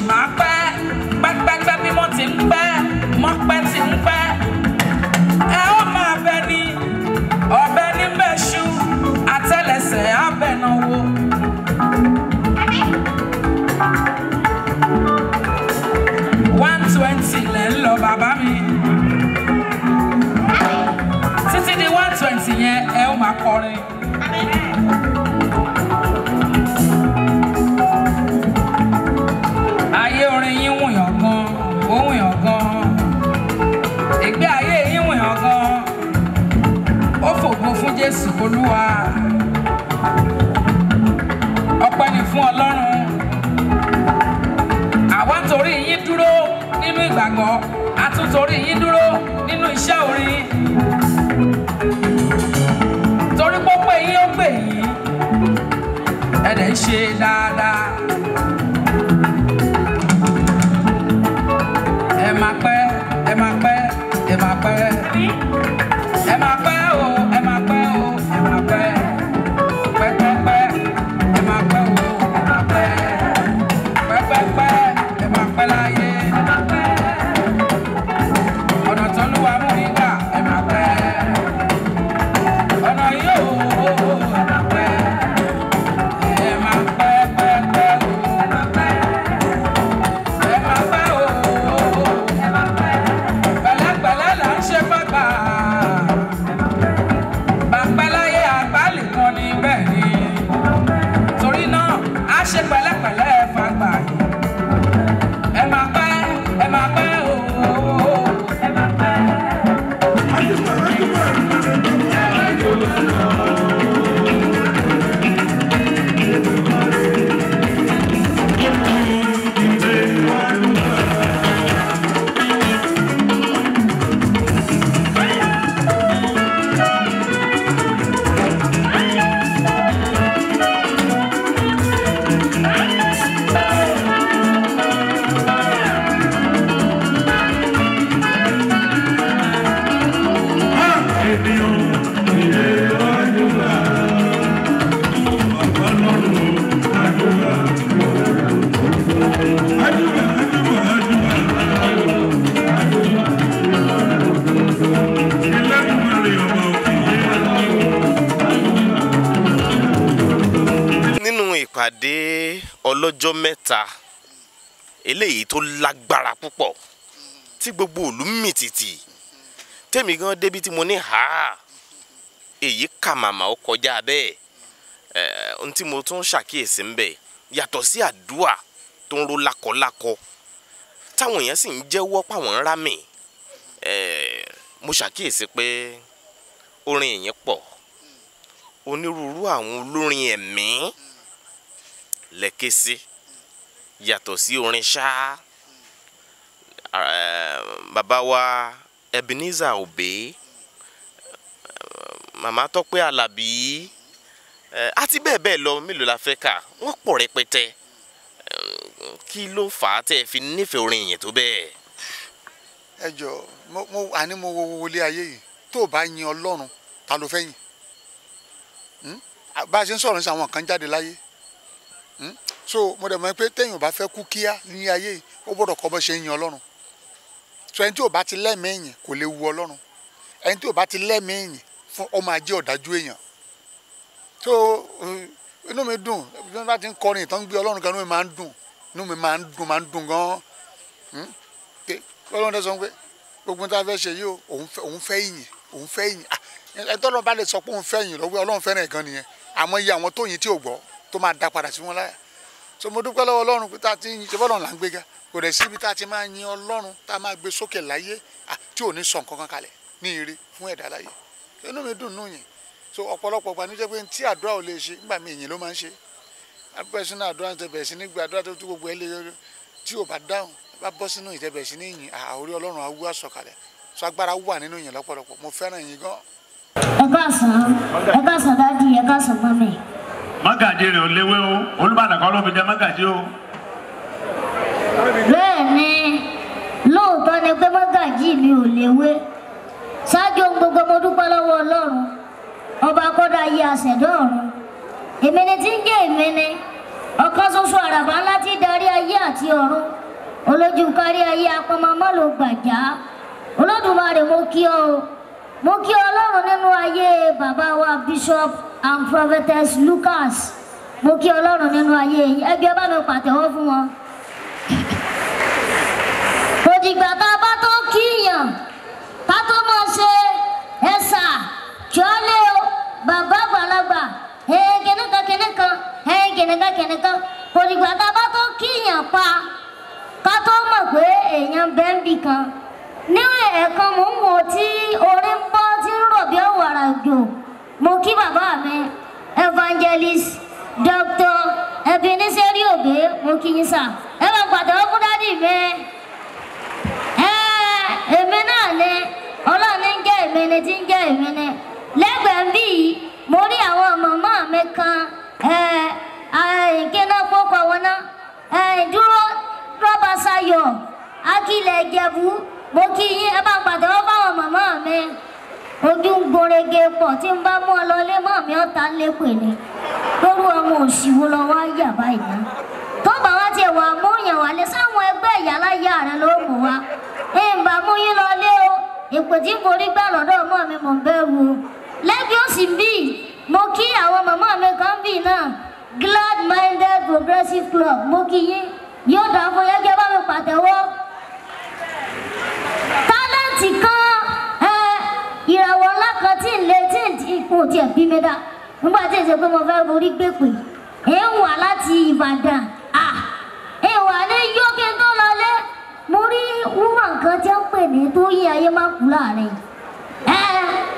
mata. olúwa ọpẹ́ ni fún ọlọ́run àwa torí yín dúró nínú ìgbàgbọ́ a tún torí yín dúró nínú iṣẹ́ orin torí pé ó pè yín ó pè yín ẹ̀dẹ̀ ń ṣe dáadáa. ọjọ́ mẹ́ta eléyìí tó lágbára púpọ̀ tí gbogbo òlú mì tìtì tèmi gan débi tí mo ní ha èyí kà màmá ó kọjá bẹ́ẹ̀ ẹ̀ ohun tí mo tún ṣàkíyèsí ń bẹ yàtọ̀ sí àdúà tó ń ro lákọlákọ táwọn èèyàn sì ń jẹ́wọ́ páwọn ń rá mi mo ṣàkíyèsí pé orin èèyàn pọ̀ onírúurú àwọn olórin ẹ̀mí lẹ́kẹ́ sí. Si yàtọ̀ sí orin ṣá bàbá wa Ebenezer Obey màmá Tọ́pẹ́ Àlàbí àti bẹ́ẹ̀ bẹ́ẹ̀ lọ mélòó la fẹ́ kà wọ́n pọ̀ rẹpẹtẹ kí ló fà á tẹ́ ẹ fi nífẹ̀ẹ́ orin yẹn tó bẹ́ẹ̀. ẹ jọ mo àní mo wo wọlé ayé yìí tó o bá yin Ọlọ́run ta ló fẹ́ yìn hmm? bá a ṣe ń sọ̀rọ̀ ní sàwọn kan jáde láyé hmm? so mo dẹ̀ mọ̀ pé téèyàn bá fẹ́ kú kíá ní ayé ó gbọ́dọ̀ kọ́ bọ́ ṣe ń yan ọlọ́run so ẹni tí ò bá ti lẹ́mìí kò lè wu ọlọ́run ẹni tí ò bá ti lẹ́mìí fún ọmọ ajé ọ̀dájú èèyàn so inú mi dùn bí wọ́n bá ti ń kọrin ìtàn gbé ọlọ́run gan inú mi máa ń dùn inú mi máa ń dùn máa ń dùn gan hmm? pé ọlọ́run tẹ́ sọ pé gbogbo tá a fẹ́ ṣe yìí o òun fẹ́ ìyìn òun fẹ́ ìyìn ẹ tọ́lọ́ bá lè sọ pé òun fẹ́ ìyìn lọ́wọ́ ọlọ́run fẹ́ràn ẹ̀ nìyẹn àmọ́ iye àwọn tó yìn tí ò gbọ́ tó máa dá padà sí wọn láyà so mo dúpẹ́ lọ́wọ́ ọlọ́run pé tá a ti ń ṣe bọ́lọ̀ là ń gbéga kò dẹ̀ síbi tá a ti máa yin ọlọ́run tá a máa gbé sókè láyé tí ò ní sọ nǹkan kan kalẹ̀ ní ire fún ẹ̀dá láyé inú mi dùn nù yẹn so ọ̀pọ̀lọpọ̀ gbà ní jẹ́ pé tí àdúrà ò lè ṣe nígbà mi ìyìn ló máa ń ṣe abẹ́sí náà àdúrà tẹ bẹ̀rẹ̀ sí ní gbà àdúrà tó tó gbogbo ẹ lé tí ò bá dáhùn bá bọ́ sínú ìtẹ̀bẹ̀rẹ̀ sí ní ìyìn àórí ọlọ́run awúwà sọ̀kalẹ̀ so agbára wà nínú ìyìn lọ́pọ̀lọpọ̀ mo fẹ́ràn ìyìn gan. ẹ káàsán ẹ káàsán dáàdi ẹ káàsán mágàjì rẹ̀ ò léwé o Olúbàdàn kọ́ ló fi jẹ mágàjì o. bẹ́ẹ̀ ni lóòótọ́ ni pé mágàjì mi ò léwé ṣáájú ohun gbogbo mo dúpẹ́ lọ́wọ́ Ọlọ́run ọba kọ́dá ayé àṣẹ̀dá ọ̀run èmi ni tí ń jẹ́ èmi ni ọ̀kan ṣoṣo àràbà ńlá tí darí ayé àti ọ̀run olójú kárí ayé apọmọmọ ló gbàjá Olódùmarè mo kí ọ mo kí Ọlọ́run nínú ayé bàbá wa bíṣọ́ọ̀bù and prophetess Lucas mo kí ọlọ́run nínú ayé yìí ẹgbẹ́ bá mi pàtẹ́wọ́ fún wọn. kò dìgbà tá a bá tó kíyàn ká tó máa ṣe ẹ̀sà jọ́lé o bàbá àgbàlagbà ẹ̀yìn kìnìkan kìnìkan ẹ̀yìn kìnìkan kìnìkan kò dìgbà tá a bá tó kíyàn pa ká tó mọ̀ pé èèyàn bẹ́ńbì kan. níwọ̀n ẹ̀ẹ̀kan mò ń wò tí orí ń bọ́ tí ń rọ̀ bí ọ̀wàrà jò mo kí bàbá mi evangelist dr ebeneseri obe mo kí yín sà ẹ bá pàtàkì fún dádì mi ẹ èmi náà ni ọlọ́ọ̀ni ń jẹ́ èmi ni tí ń jẹ́ èmi ni lẹ́gbẹ̀ẹ́ bí mo rí àwọn màmá mi kan ìkíná pọ́pọ̀ wọn náà dúró rọ́bà sayọ̀ akílẹ̀ ìjẹ̀bú mo kí yín ẹ bá pàtàkì fún àwọn màmá mi ojú ń gbọ́rẹ́gẹ́ pọ̀ tí ń bá mú ọ lọlé mọ́ mi ọ̀tá lépè ni lórí ọmọ òṣìwò lọ wá yà báyìí tó bá wá tiẹ̀ wà mú yàn wá lé sáwọn ẹgbẹ́ ìyáláyà rẹ ló mú wa ń bá mú yín lọlé o èpè tí mo rí gbà lọ́dọ̀ ọmọ mi mò ń bẹ̀rù lẹ́bí ó sì ń bì mo kí àwọn màmá mi kan bì náà glad minded progressive club mo kí yín yóò dá fún yẹn bá mi pàtẹ́wọ́ tálẹ́ǹtì kan ìràwọ̀ ńlá kan tí ń lé tí ń ikú tí ẹ̀ bí mẹ́ta nígbà tí èsè pé mo fẹ́ borí gbé pè é wà láti Ìbàdàn à ń wà ní yókè tó lọlé mo rí wúmọ̀ nǹkan tí ń pè ní tó yí ayé má kú láàrin ẹ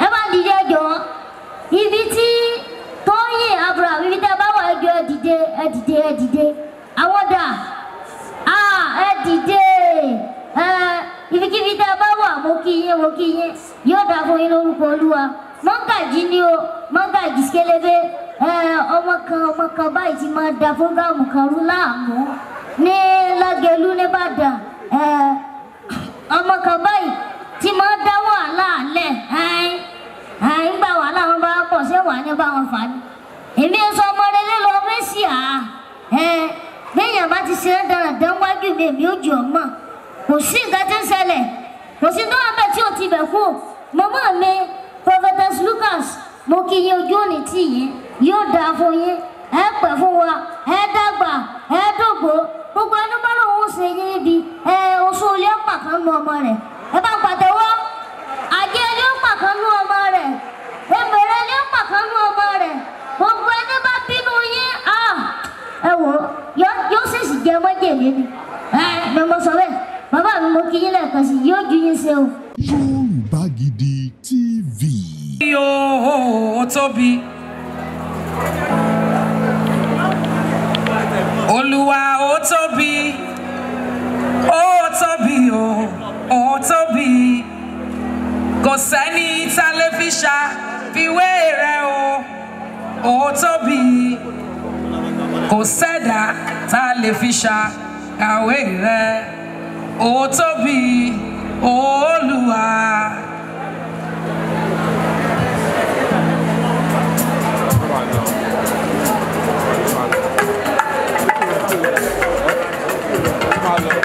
ẹ bá dìde jọ ibi tí Tóyìn Abraham ibi tí a bá wà ẹjọ ẹ dìde ẹ dìde à ẹ ẹ ibikíbi tí a bá wà mo kí yín mo kí yín yóò dá fún yín lórúkọ olúwa mọ́gàjì ni o mọ́gàjì kélébé ọmọ kan ọmọ kan báyìí ti máa da fúgàmù kan rú láàmú ní lágẹlú nìbàdàn ọmọ kan báyìí ti máa dá wàhálà lẹ̀ nígbà wàhálà wọn bá pọ̀ ṣé wàá ní bá wọn fà á ní. èmi ń sọ ọmọ relé lọ mẹ́sì á béèyàn bá ti ṣe é dáradára wájú mi èmi ò jù ọ́ mọ̀ kò sí nǹkan tí ń ṣẹlẹ̀ kò sí tó wà bẹ́ẹ̀ tí ò ti bẹ̀ kú. Mama mi prophetess Lucas mo kí yín ojú òní tì yín yóò dáa fún yín ẹ pẹ́ fún wa ẹ dàgbà ẹ dògbò gbogbo ẹni bá lòun ó ṣe yín níbi ẹ oṣù olè pàkan nu ọmọ rẹ ẹ bá pàtẹ́wọ́ àjẹ olè pàkan nu ọmọ rẹ èmèrè olè pàkan nu ọmọ rẹ gbogbo ẹni bá bínú yín ẹ wò yóò sì sì jẹ mọ́jèlé ni ẹ ni mo sọ bẹ́ẹ̀ bàbá mi mo kí yín lẹ́ẹ̀kan sí yóò ju yín ṣe o. Gidi TV. yóò tóbi. olúwa ó tóbi ó tóbi ó ó tóbi kò sẹ́ni tá lè fi o ó tóbi kò sẹ́dá tá lè fi ó tóbi olúwa. Pablo.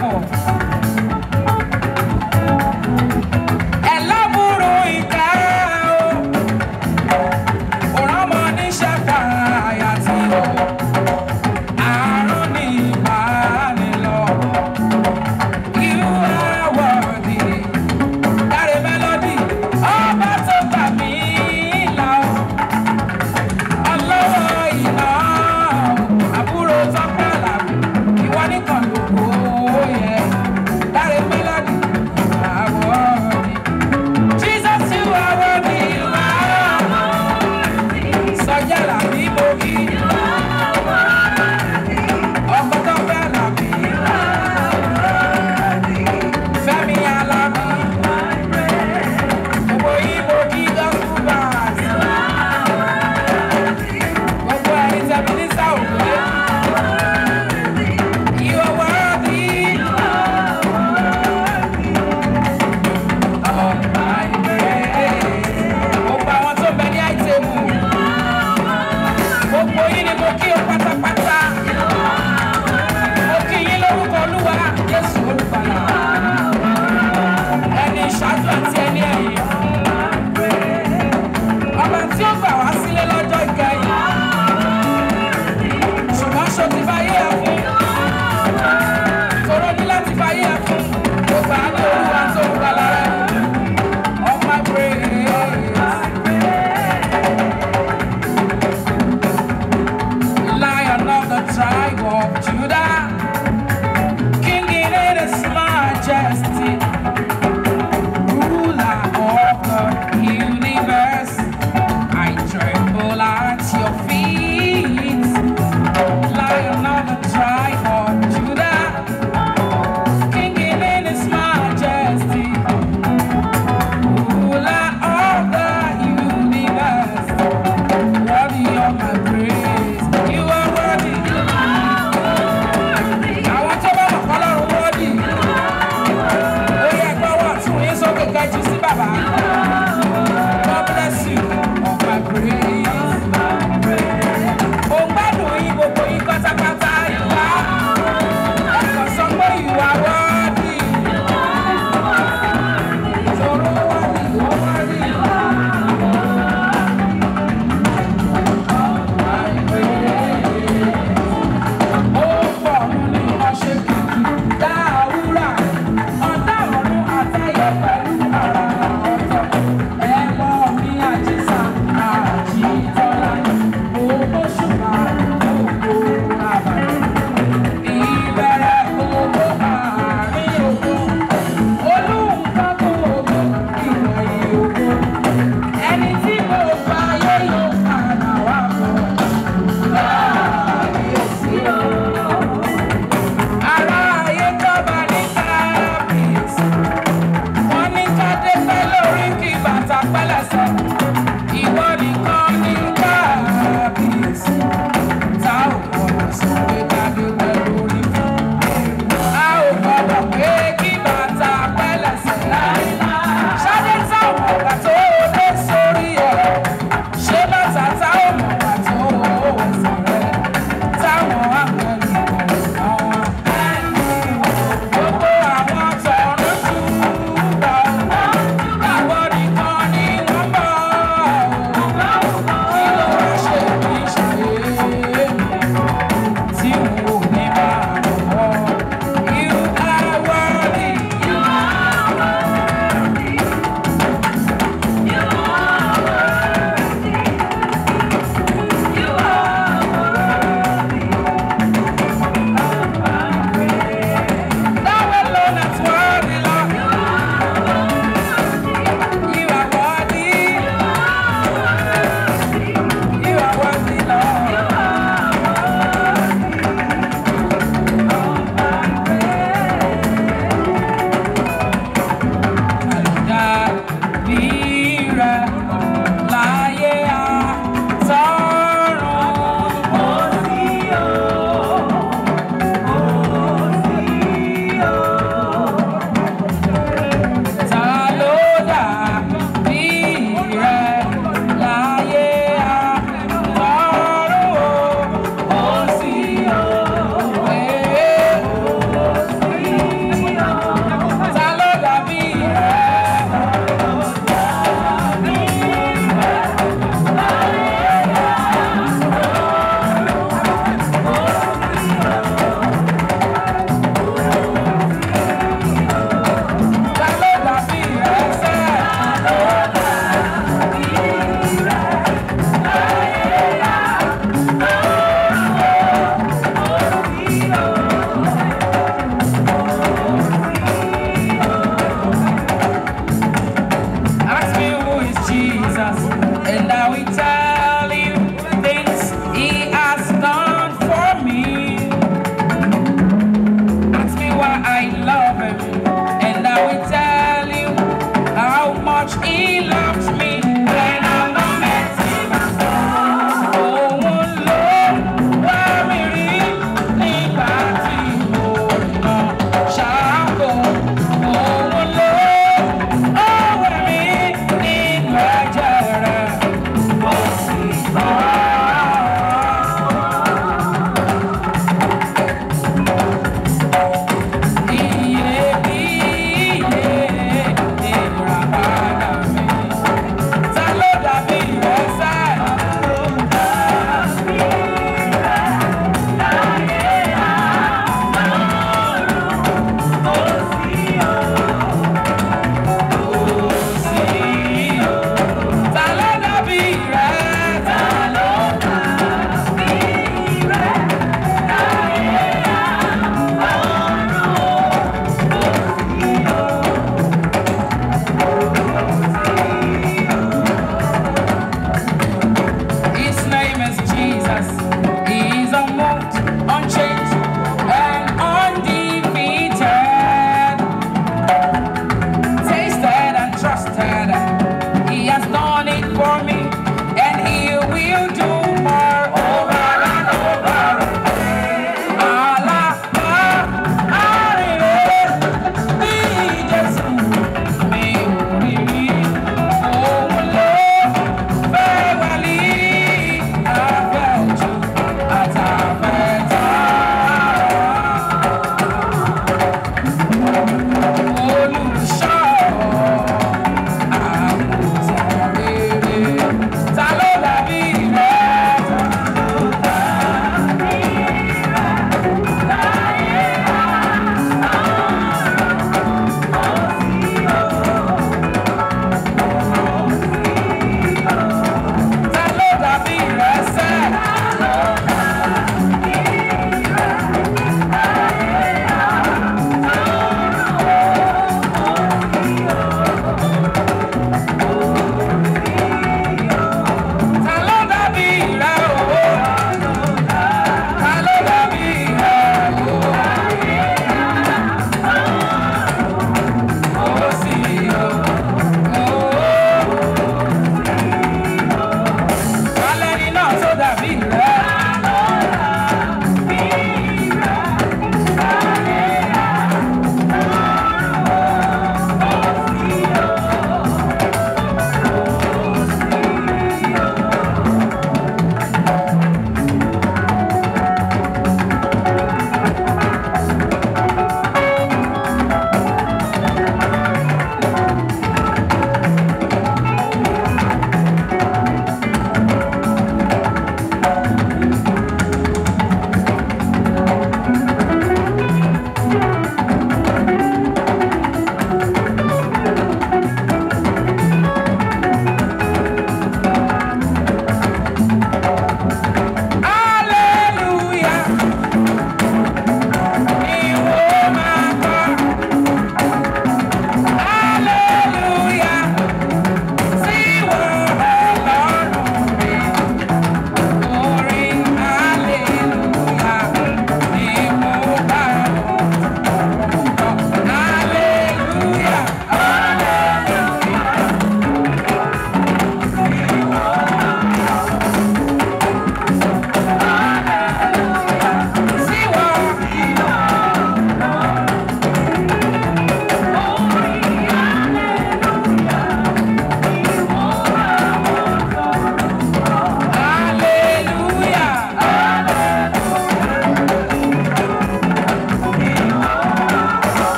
wonderful.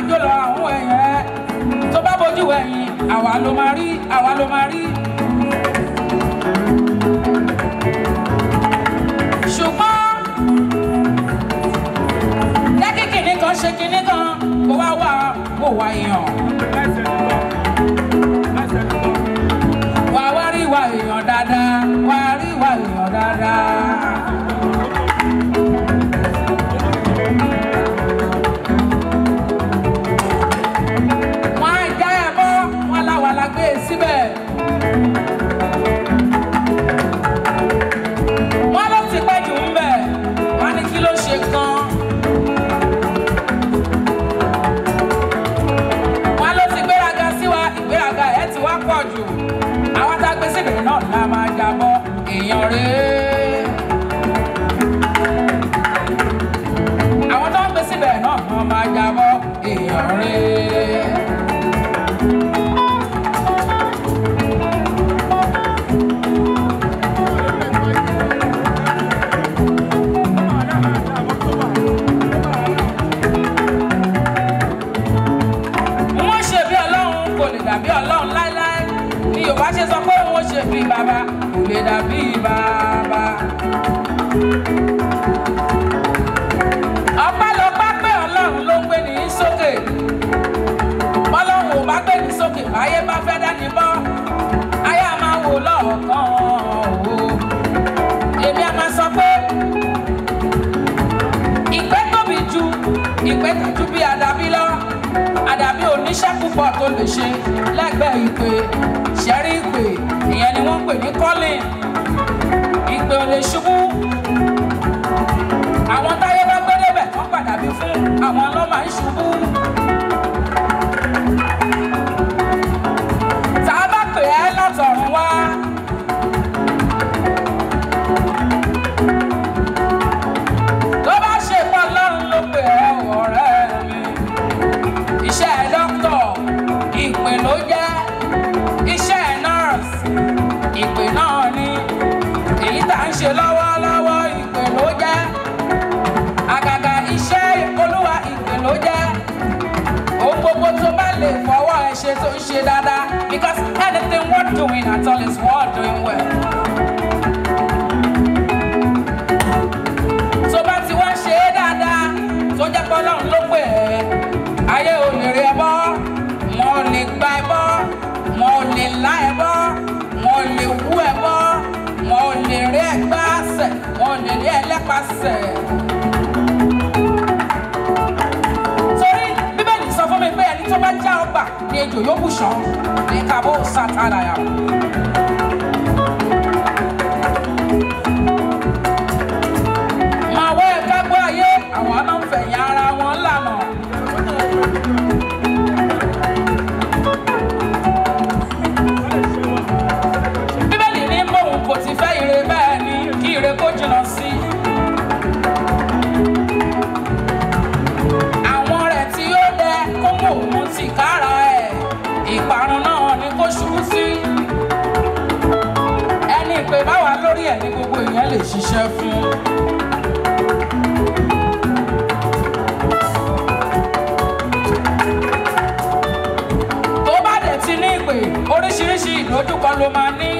máa jó lọ àwọn ẹ̀yẹ tó bá bójú ẹ̀yìn àwa ló máa rí àwa ló máa rí. ṣùgbọ́n jẹ́kí kìnní kan ṣe kìnní kan kó wá wá kó wá èèyàn. wà wá rí ìwà èèyàn dáadáa wà rí ìwà èèyàn dáadáa. started. olùṣe lẹ́gbẹ̀ẹ́ ìpè ṣẹ́rí ìpè ìyẹn ni wọ́n ń pè ní calling ìpè ò lè ṣubú àwọn táyé bá gbé débẹ̀ wọ́n padà bí fún àwọn ọlọ́mà ń ṣubú. Queen Atol is well doing well. So, bá ti wá ṣe é dáadáa, tó jẹ́ pé Ọlọ́run ló pè é, ayé ò ní rí ẹbọ, wọn ò lè gba ẹbọ, wọn ò lè lá ẹbọ, wọn ò lè wú ẹbọ, wọn ò lè rí ẹgbàásẹ̀, wọn ò lè rí ẹlẹ́pàásẹ̀. ejò yóò bù sàn ní kábó sátánà yà. ṣiṣẹ́ fún. tó bá dẹ̀ ti ní ìpè oríṣiríṣi ìdojúkọ ló máa ní.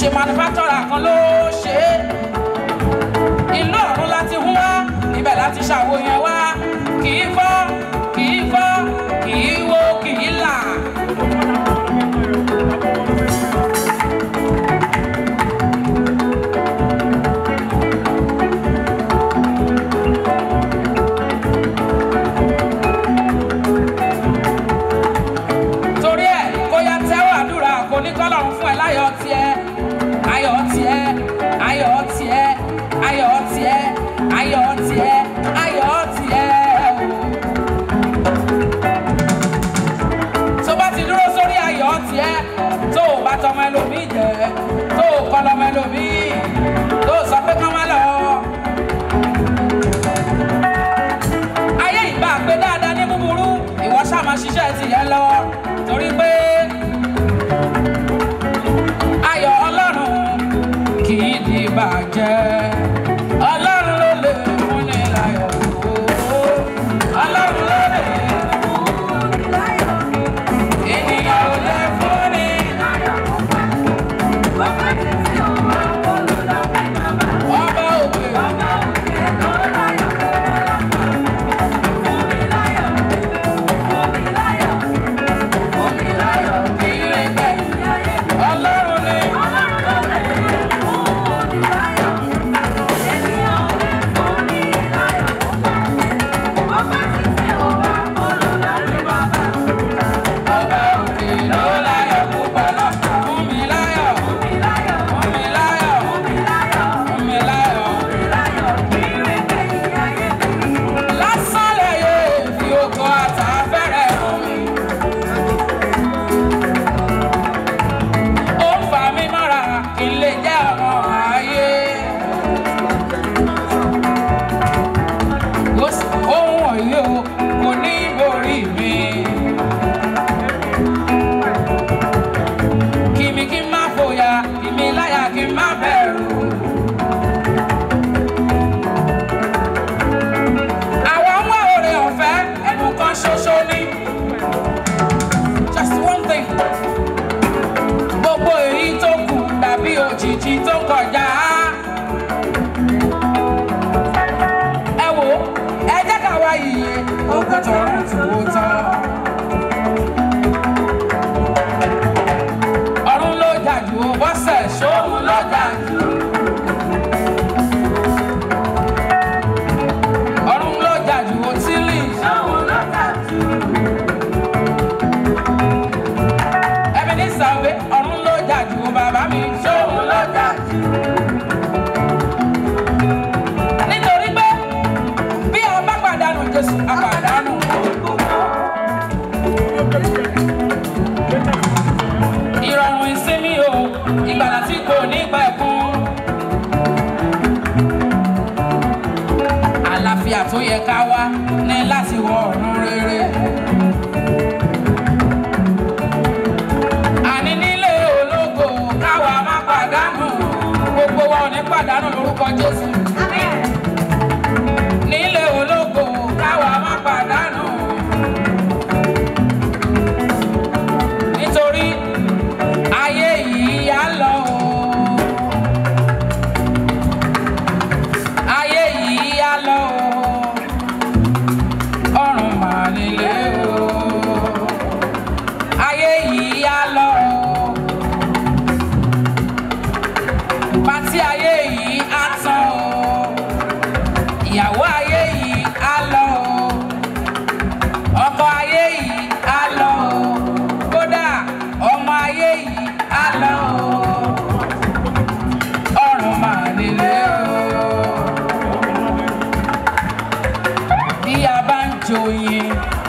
ṣe manufacturer kan ló ṣe é ìlú ọ̀run láti hùwà ibẹ̀ láti ṣàwòyàn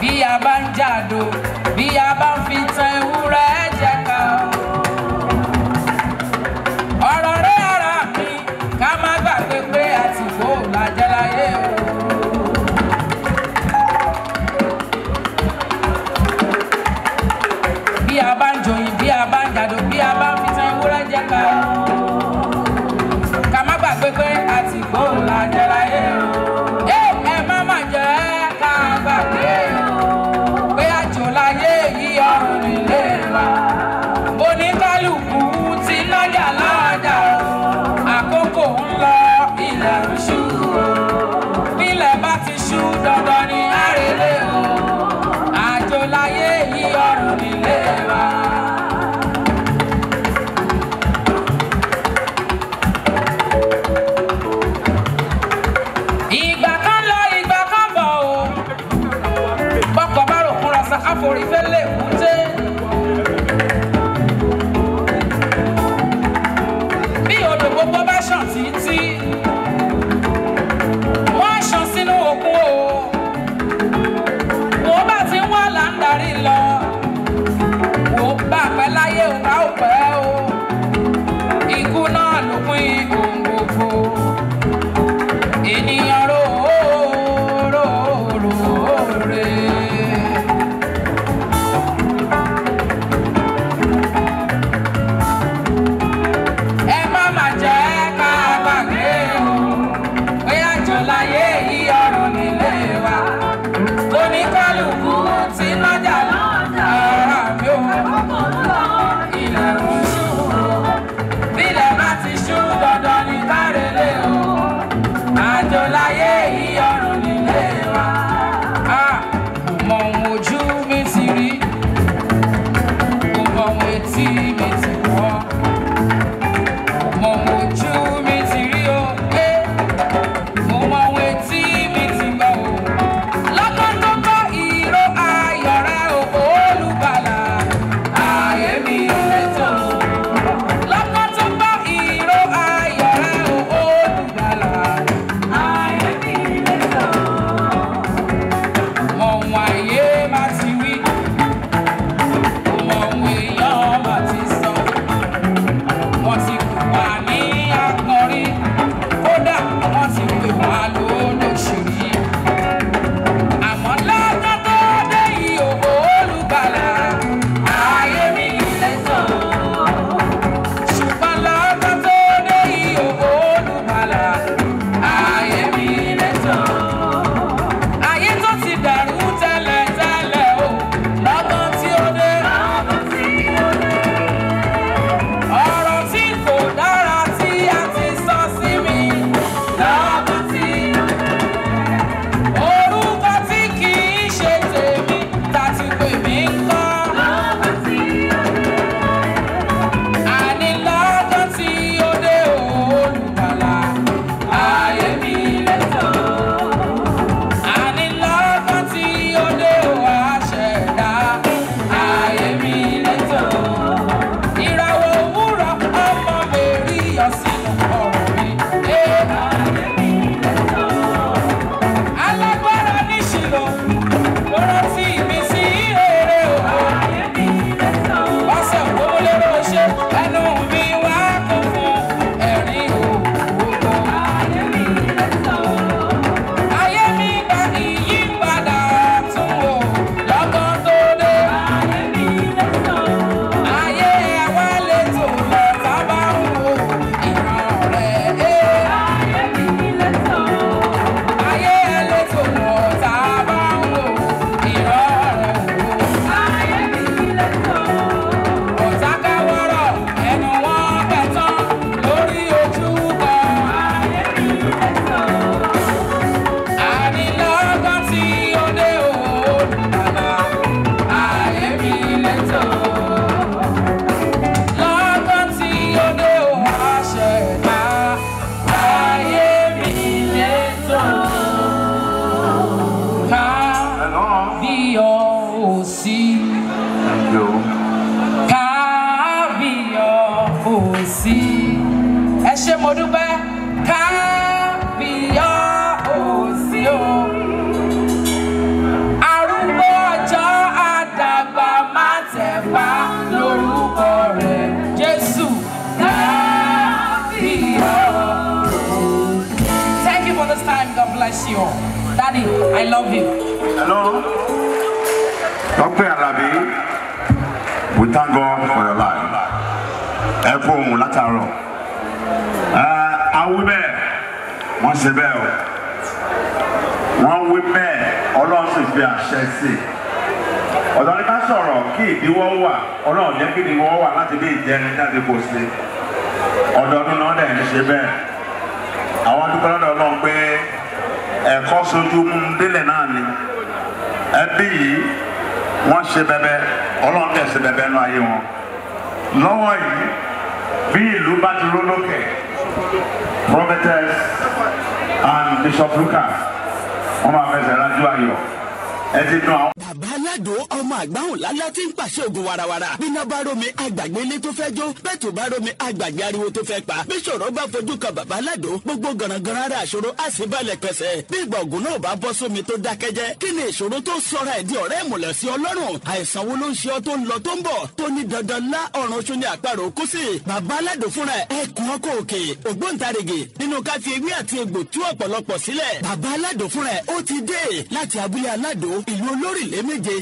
bí a bá ń jàdó bí a bá ń fi tan ewúrẹ́ jẹ ká mo dúpẹ́ kábíyá òsì o. arúgbó ọjọ́ àdàgbà má tẹ̀pá lórúkọ rẹ̀ Jésù kábíyá òsì. Thank you for this time God bless you Daddy, I love you. Hello. Dr. Alabi, we thank God for your life. Ẹ kú ohun látàárọ̀ wí bẹ́ẹ̀ wọ́n ṣe bẹ́ẹ̀ o wọ́n wí bẹ́ẹ̀ ọlọ́run sì fi àṣẹ sí i ọ̀dọ́ ni ká sọ̀rọ̀ kí ìdíwọ́ wà ọlọ́run jẹ́ kí ìdíwọ́ wà láti bí ìjẹrin jáde kò sí ọdọọdún náà dẹ̀ ń ṣe bẹ́ẹ̀ àwọn dúpẹ́ lọ́dọ̀ ọlọ́run pé ẹ̀kọ́ sojú mú un délẹ̀ náà ni ẹbí yìí wọ́n ṣe bẹbẹ ọlọ́run tẹ̀ ṣe bẹbẹ nú ayé wọn lọ́wọ́ yìí bí ìlú bá ti rólókè prophetess and bishop lucas wọn máa fẹsẹ̀ rájú ayọ̀ ẹ ti dùn àwọn aládùn ọmọ àgbáhùn lálá tí ń pàṣẹ ògùn warawara bíná bá romi àgbàgbé ilé tó fẹ́ jó bẹ́ẹ̀ tó bá romi àgbàgbé ariwo tó fẹ́ pa bí sọ̀rọ̀ bá fojú kan bàbá aládùn gbogbo gànàgànà ara àṣòro á sì balẹ̀ pẹ̀sẹ̀ bí ìgbà ògùn náà bá bọ́ sómi tó dákẹ́jẹ́ kí ni ìṣòro tó sọra ẹ̀dí ọ̀rẹ́ ìmùlẹ̀ sí ọlọ́run àìsàn wo ló ń ṣe ọ tó ń lọ tó ń bọ̀ tó ní dandan lá ọ̀run oṣù ní àparò ti dé láti abúlé aládùn ìlú olórílẹ̀ méje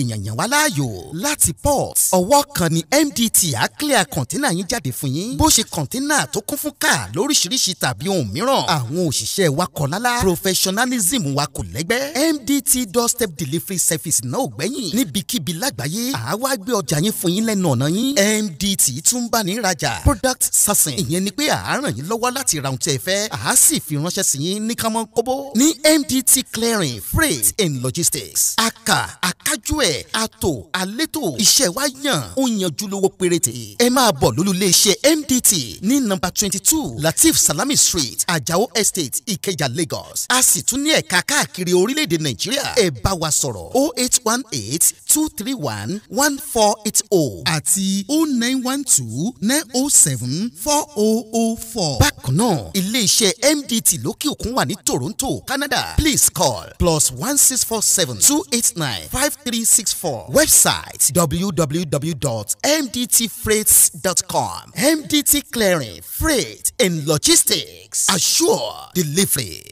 èèyàn yàn wá láàyò láti port ọwọ́ kan ni MDT á clear kọ̀ńténà yín jáde fún yín bó ṣe kọ̀ńténà tó kún fún káà lóríṣiríṣi tàbí ohun mìíràn àwọn òṣìṣẹ́ wa kọ̀ lálá professionalism wa kò lẹ́gbẹ́ MDT doorstep delivery service náà ò gbẹ́yìn níbikíbi lágbàáyé àá wá gbé ọjà yín fún yín lẹ́nu ọ̀nà yín MDT tún bá ní rajà product sourcing ìyẹn ni pé àá ràn yín lọ́wọ́ láti ra ohun tí ẹ fẹ́ àá sì fi ránṣẹ́ sí yín ní kánmọ́ kóbó ní MDT clearing freight and logistics aka akájú ẹ̀ Ato, Aleto, àlétò iṣẹ́ wa yàn ó yanjú lówó péréte ẹ máa bọ̀ lólùléeṣẹ́ MDT ní nọ́mbà twenty two Latif Salami Street Ajao Estate Ikeja Lagos a sì tún ní ẹ̀ka káàkiri orílẹ̀-èdè Nàìjíríà ẹ bá wa sọ̀rọ̀ o oh eight one eight two three one one four eight oh àti o oh nine one two nine oh seven four oh oh four. bákan náà iléeṣẹ́ MDT lókè òkun wà ní Toronto Canada please call plus one six four seven two eight nine five three six six four website www.mdtfreights.com MDT Clearing Freight and Logistics assure delivery.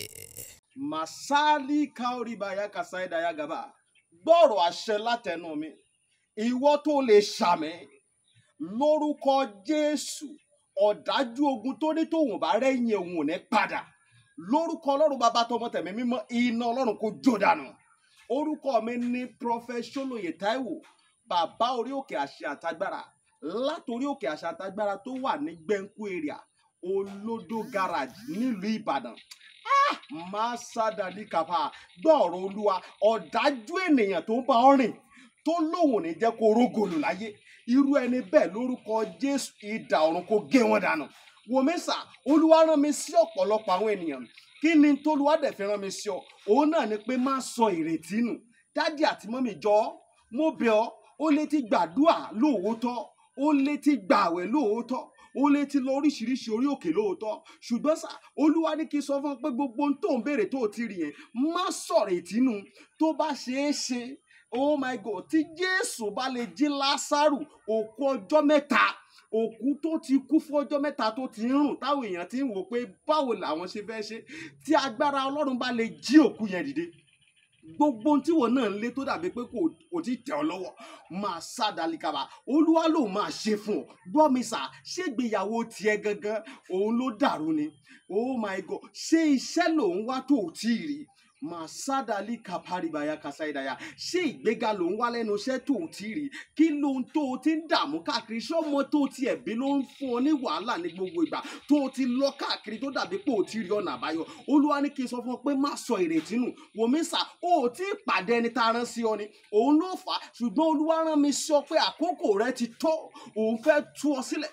Masali Kaoribaya Kasaida Yagaba gbọ́rọ̀ àṣẹ látẹnu mi ìwọ tó lè ṣàmì lórúkọ Jésù ọ̀dájú ogun tó ní tòun bá rẹ́yìn òun ò ní padà lórúkọ Ọlọ́run bàbá tọmọ tẹ̀mí mímọ́ iná Ọlọ́run kò jó dànù orúkọ mi ní prọfẹsọlóye Táíwò bàbá orí òkè àṣẹ àtagbára látòrí òkè àṣẹ àtagbára tó wà ní gbẹ̀ǹkú area olódó garage nílùú Ìbàdàn ah, máa sádàdí kàfà gbọ́ọ̀rọ̀ olúwa ọ̀dájú ènìyàn tó ń bá ọ rìn tó lóun ò ní jẹ́ kó rógòlù láyé irú ẹni bẹ́ẹ̀ lórúkọ Jésù idà ọ̀run kó gé wọn dànù wòmísà olúwa rán mi sí ọ̀pọ̀lọpọ̀ àwọn ènìyàn kí ni tolúwa dẹ̀ fi rán mi sí ọ òun náà ni pé má sọ ìrètí nù dádì àti mọ́mì jọ ọ́ mo bẹ̀ ọ́ ó lè ti gbàdúà lóòótọ́ ó lè ti gbàwẹ̀ lóòótọ́ ó lè lọ oríṣiríṣi orí òkè lóòótọ́ ṣùgbọ́n sá olúwa ní kí n sọ fún ọ pé gbogbo ohun tó ń béèrè tó ti rí yẹn má sọ̀rètí nù tó bá ṣeé ṣe oh my god tí jésù bá lè jí lásàrù òkú ọjọ́ mẹ́ta òkú tó ti kú fọjọ́ mẹ́ta tó ti ń rùn táwọn èèyàn ti ń wò pé báwo làwọn ṣe fẹ́ ṣe tí agbára ọlọ́run bá lè jí òkú yẹn dìde gbogbo ohun tíwọ náà ń lé tó dàbí pé kò tí tẹ̀ ọ́ lọ́wọ́ máa sá dalikaba olúwa ló máa ṣe fún ọ gbọ́ mi sà ṣégbéyàwó tiẹ̀ gangan òun ló dàrú ni oh my god ṣé iṣẹ́ lòun wá tó ò tí ì rí i màsádàlì kàpárìbàyà kàsáìdàyà ṣé ìgbéga ló ń wá lẹ́nu iṣẹ́ tó ti rí kí ló ń tó o ti ń dààmú káàkiri ṣé ọmọ tó ti ẹ̀bí ló ń fún ọ ní wàhálà ní gbogbo ìgbà tó o ti lọ káàkiri tó dàbí pé o ti rí ọ̀nà àbáyọ olúwa ní kí n sọ fún ọ pé má sọ ìrètí nù wòmísà o ò tí ì pàdé ẹni tá a rán sí ọ ni òun ló fà á ṣùgbọ́n olúwa rán mi sọ pé àkókò rẹ ti tó òun fẹ́ tú ọ sílẹ̀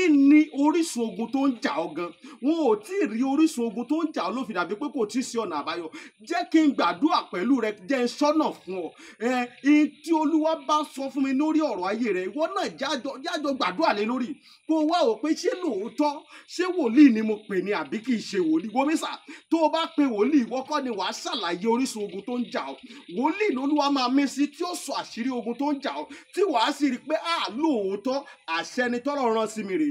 kí ni orísun ogun tó ń jà ọ́ gan wọn ò tí ì rí orísun ogun tó ń jà ọ́ ló fi dàbí pé kò tí ì sí ọ̀nà àbáyọ jẹ́ kí n gbàdúrà pẹ̀lú rẹ jẹ́ n sọ́nà fún ọ ẹ tí olúwa bá sọ fún mi lórí ọ̀rọ̀ ayé rẹ ìwọ náà jájọ jájọ gbàdúrà lé lórí kó wá o pé ṣé lóòótọ́ ṣé wòlíì ni mo pè ní àbí kì í ṣe wòlíì gómìsà tó o bá pe wòlíì ìwọ kọ́ ni wàá ṣàlàyé orísun ogun tó ń jà ọ́ wòlíì lolúwa máa mí sí tí ó sọ àṣírí ogun tó ń jà ọ́ tí wàá sì rí i pé à lóòótọ́ àṣẹ ni tọ́lọ́run rán sí mi rèé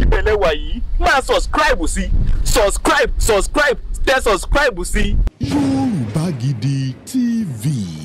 ìbẹ̀lẹ̀ wà yìí máa subscribe sí subscribe subscribe tẹ subscribe sí. Yorùbá Gidi TV.